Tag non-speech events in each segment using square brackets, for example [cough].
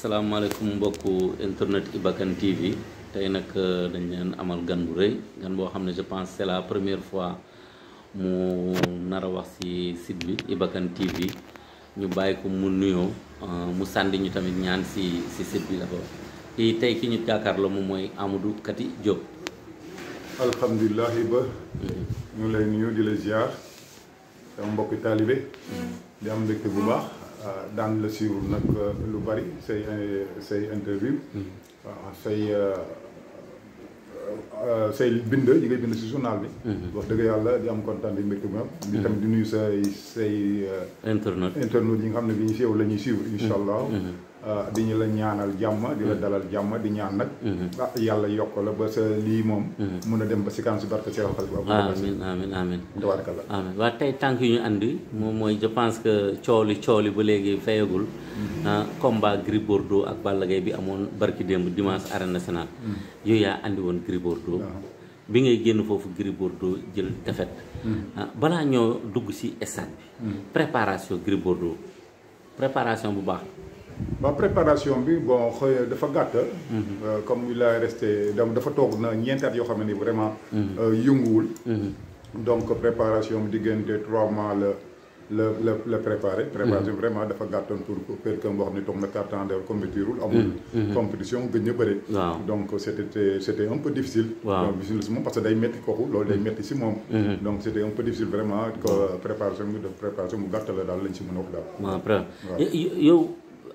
assalamu alaikum mbokk internet ibakan tv tay nak dañ len amal gan bu reuy gan bo xamne je pense c'est la première fois mu nara wax ci site bi ibakan tv ñu bayiko mu nuyo eh, mu sandi ñu tamit ñaan ci ci site bi la ko e tay ki ñu dakar la mu moy amadou kati job alhamdullilah ba hmm. ñu lay nuyo di la ziar mbokk talibé hmm. di am bekk bu baax Uh, daan la siiw nag lu bari say say interview say say bind yi ngay bind si journal bi wax dëgg yàlla di am kontaan bi mbékk ma bi tam di nuyu say say internet internet yi nga xam ne bi ñu siiw la ñuy siiw diñu la ñaanal jamm di la hmm. dalal hmm. yok la ba sa li mom mëna dem ba ci amin amin amin tabarakallah amin wa tay tank ñu andi mom moy je pense que cioli cioli bu légui fayagul combat hmm. gris bordeaux ak ballagay bi amon barki demb dimanche arena nationale yu ya andi won gris bordeaux bi ngay génn si stade bi préparation gri bordeaux ma préparation bi bon de dafa gàtt. Mhm. Euh, comme il a resté donc dafa toog na ñeenti at yoo xam ne vraiment. Mhm. Euh, yënguwul. Mhm. donc préparation bi diggante trois mois le le le, préparer préparé. préparation vraiment dafa gàttoon pour quelqu'un boo xam ne toog na quatre ans de compétition gëj na donc c'était c'était un peu difficile. waaw difficile parce que day métti kooku loolu day métti si donc c'était un peu difficile vraiment que préparation bi préparation bu gàtt dans daal lañ si mën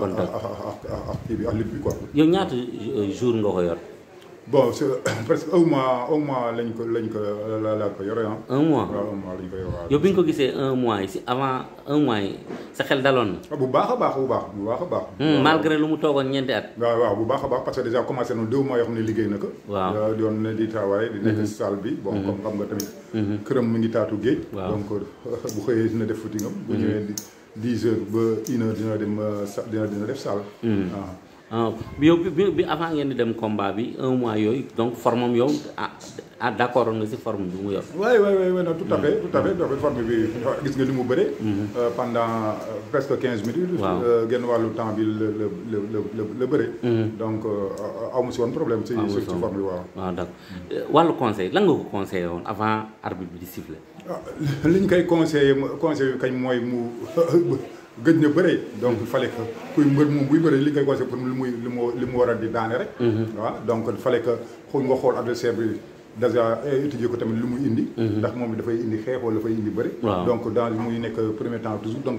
contact ak kii bi ak lutte bi quoi. yow ñaata euh, jour nga ko yor. bon c' est [coughs] presque un mois lañ ko lañ ko la la ko yore un mois ko yow bi ñu ko gisee un mois yi si avant un mois yi sa xel daloon na. Ah, bu baax a baax bu baax bu baax a baax. Hmm, malgré lu mu toogoon ñeenti at. waaw waaw bu baax a baax parce que déjà commencé na deux mois yoo xam ne liggéey na ko. waaw euh, doon na di travail di nekk hmm. si bi. bon hmm. comme xam nga tamit. këram mu ngi taatu géej. waaw donc euh, [laughs] bu xëyee dina def footingam bu ñëwee di. dix heures ba une heure dina dem euh, sa dina dina def salle. Hmm. Ah. Ah, bi yow bi avant ngeen di dem combat bi un mois yooyu donc formam yow ah, ah d' accord nga si forme bi mu yor. waay waay waay non hmm. tout à fait tout à fait donc forme bi gis nga ni mu bëree. Hmm. Euh, pendant euh, presque quinze minutes. waaw euh, genn wàllu temps bi le le le le bëree. Hmm. donc amu si woon problème. si si forme bi waaw. waaw ah, d' accord wàllu conseil lan nga ko conseillé woon avant arbitre bi di siffler. liñ koy conseillé conseil bi kañ mooy mu. [laughs] gëj na bëre donc il fallait que kuy mbeur mom buy bëre li ngay conseillé pour lu muy lu mu li mu war di daane rek wa mhm. donc il fallait que xool nga xol adversaire bi déjà étudier ko tamit lu muy indi mhm. ndax moom dafay indi xeex wala fay indi bëre donc dans muy nekk premier temps toujours donc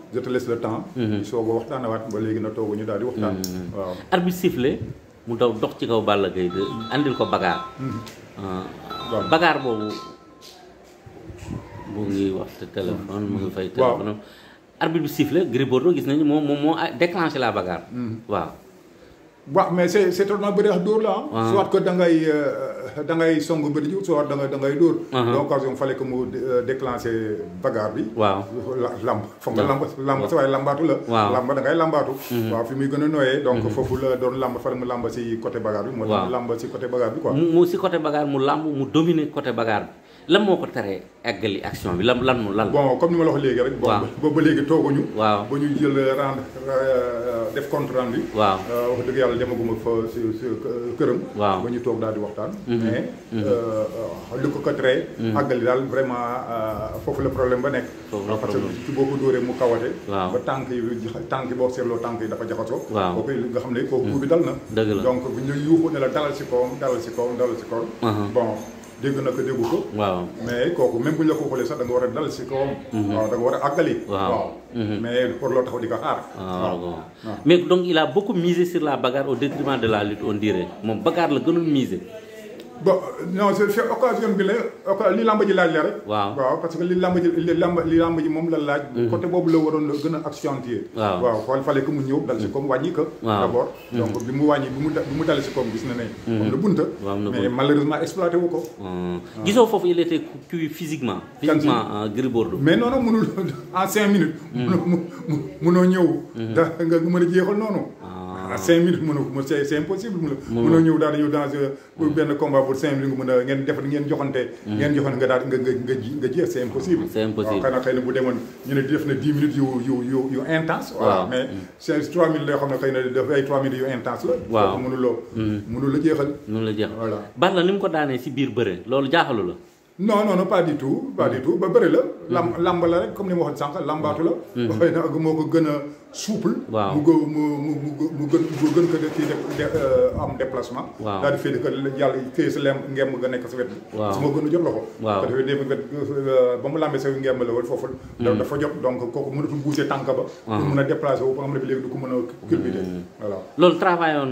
je te mhm. soo ko waxtaanewaat ba léegi na toogu ñu daal di waxtaan. Mhm. waaw arbitre sifflé mu daw dox ci kaw Balla Gaye de andil ko bagaar. Mhm. Ah, waaw bagaar boobu mu ngi wax te téléphone mu fay. téléphone arbitre bi sifflé Gris gis nañu moom moo déclenché la bagaar. waaw. wa mais c'est c'est tellement bari wax door la soit que da ngay da ngay songu bari ju soit da ngay da ngay door donc occasion fallait que mo déclencher bagarre bi wa lamb fam lamb lamb c'est way lambatu la lamb da ngay lambatu wa fi muy gëna noyé donc fofu la doon lamb fa mu ci côté bagarre bi mo lamb ci côté bagarre bi quoi mo ci côté bagarre mu lamb mu dominer côté bagarre lan moo ko teree eggali action bi lan lan lan. bon comme ni ma la wax léegi rek. waaw boobu ba léegi tooguñu. waaw ba ñu jël rendre euh, def compte rendu. waaw euh, wax dëgg yàlla demaguma fa si si këram. waaw ba ñu toog daal di waxtaan. Mm-hmm. mais mm-hmm. euh, li ko ko teree. Mm-hmm. àggali daal vraiment foofu la problème ba nekk. foofu la problème parce que ci boo ko dóoree mu kawate. waaw ba tànk yi tànk yi boo seetloo tànk yi dafa jaxasoo. waaw kooku nga xam ne kooku mm. bi dal na. dëgg la donc ñu yuuxu ne la dalal si kawam dalal si kawam dalal si kawam. Uh-huh. bon. dégg na ko déggu ko. waaw mais kooku même bu ñu la ko xoolee sax da nga war a dal si kawam. Mhm. waaw da nga war a àggali. waaw mhm. mais pour loo taxaw di ko xaar. Ah, waaw mais donc il a beaucoup misé sur la bagarre au détriment de la lutte on dirait moom bagarre la gënul misé. bon non c' est occasion bi la li làmb ji laaj la rek. waaw waaw parce que li làmb ji li làmb ji moom la laaj. Mm-hmm. côté boobu la waroon la gën a accentuer. waaw waaw xool fale que mu ñëw dal si koom wàññi ko. waaw d' mm-hmm. donc bi mu wàññi bi mu dal si koom gis na ne. Mm-hmm. am na bunta mais malheureusement exploité ko. gisoo foofu il était cuit physiquement. physiquement Gris Bordeaux. mais non non mënul [laughs] en cinq minutes. mënoo mënoo ñëw. da nga mën a jeexal ah cinq minutes mën a ko c' est impossible. mënoo ñëw daal di ñëw a ngeen def ngeen joxante. Mm. ngeen joxante nga daal nga nga nga ji nga na bu demoon ñu ne def na dix minutes yu yu si mm. biir bëre loolu jaaxalu la. non non pas du tout pas du hmm. tout ba bari hmm. la lamb la rek comme ni waxon sank lambatu la waxe na ak moko gëna souple mu go mu mu mu gën mu gën ko ci def am déplacement da di fédé ko yalla fess lem ngem nga nek sa wét sama gënu jot loxo da fay def wét ba mu lambé sa ngem la wol fofu hmm. da fa jot donc koku mënatu bouger tank ba mu mëna déplacer wu am rek légui du ko mëna kër voilà lol travail on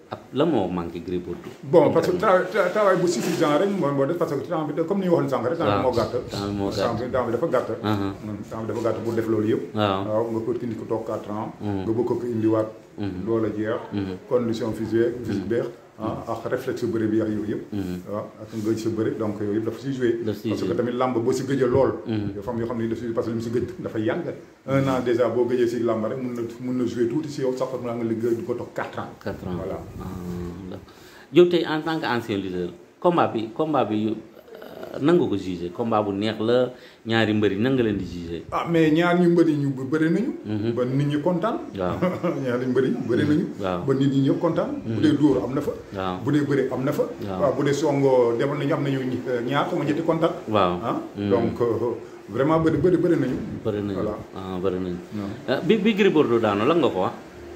ab la moo manqué Gris Bordeaux. bon parce que travail bu suffisant rek moom moo def parce que temps comme ni ñu waxoon sànq rek. temps bi moo gàtt. temps bi moo gàtt temps bi dafa mm, loolu yëpp. waaw waaw nga ko indi ko toog 4 mm-hmm. bëgg ko indiwaat. Mm-hmm. loola jeex. Mm-hmm. condition physique physique beex. ah ak réflexe yu bëri bi ak yooyu yëpp waaw mhm. ah, ak ngëj su bëri donc yooyu yëpp dafa si joué parce que tamit làmb boo si gëjee lool mhm. yoo xam yoo xam ne daf si parce que li mu si gëj dafa yàgg un an déjà boo gëjee si làmb rek mun na mun na joué tuuti si yow sax mu la nga liggéey du ko toog quatre ans quatre ans ah, yow tey en tant que ancien leader combat bi combat bi nan nga ko jugé combat bu neex la ñaari mbëri nan nga leen di jugé. ah mais ñaar ñu mbëri ñu bëri nañu. Mhm. ba nit ñi kontaan. waaw [laughs] ñaari mbëri ñu bëri nañu. waaw ba nit ñi ñëpp kontaan. Mhm. bu dee dóor am na fa. waaw bu dee bëri am na fa. waaw bu dee songo demal nañu am nañu euh, ñaar sama ñetti kontaan. waaw ah mhm. donc. Euh, vraiment bëri bëri bëri nañu. bëri nañu voilà ah, bëri nañu. Euh, bi bi Gris Bordeaux daanu lan nga ko wax.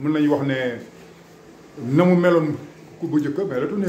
mën nañu wax ne na mu meloon ku bu njëkk melatu ne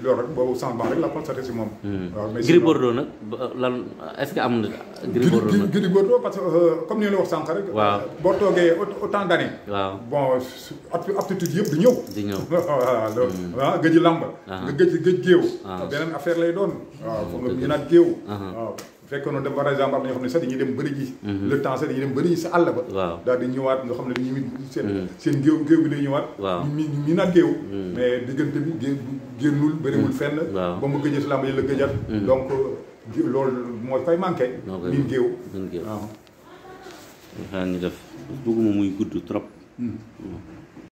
loolu rek la constaté si moom. Hmm. waaw Bordeaux nag lan est am na. Bordeaux parce que euh, comme ni la wax sànq rek. waaw euh, boo toogee autant d'années. waaw bon aptitude yëpp du ñëw. di ñëw waaw [laughs] loolu. Hmm. ah gëj làmb. Ah. nga gëj gëj géew. Ah. beneen affaire lay doon. waaw hmm, foog nga ñu naan géew. Ah. fekkoon noonu par exemple am na ñoo xam ne sax dañuy dem bëri ji mhm. le temps sax dañuy dem bëri ji sa àll ba waaw di ñëwaat nga xam ne dañuy seen mhm. seen géew géew bi day ñëwaat waaw ñu ñu naat géew mhm. mais diggante bi génn génnul bëriwul fenn ba ma gëjee si làmb ji la gëjaat donc loolu moo fay manqué min géew min géew waaw xanaa ñu def bëgguma muy gudd trop hmm.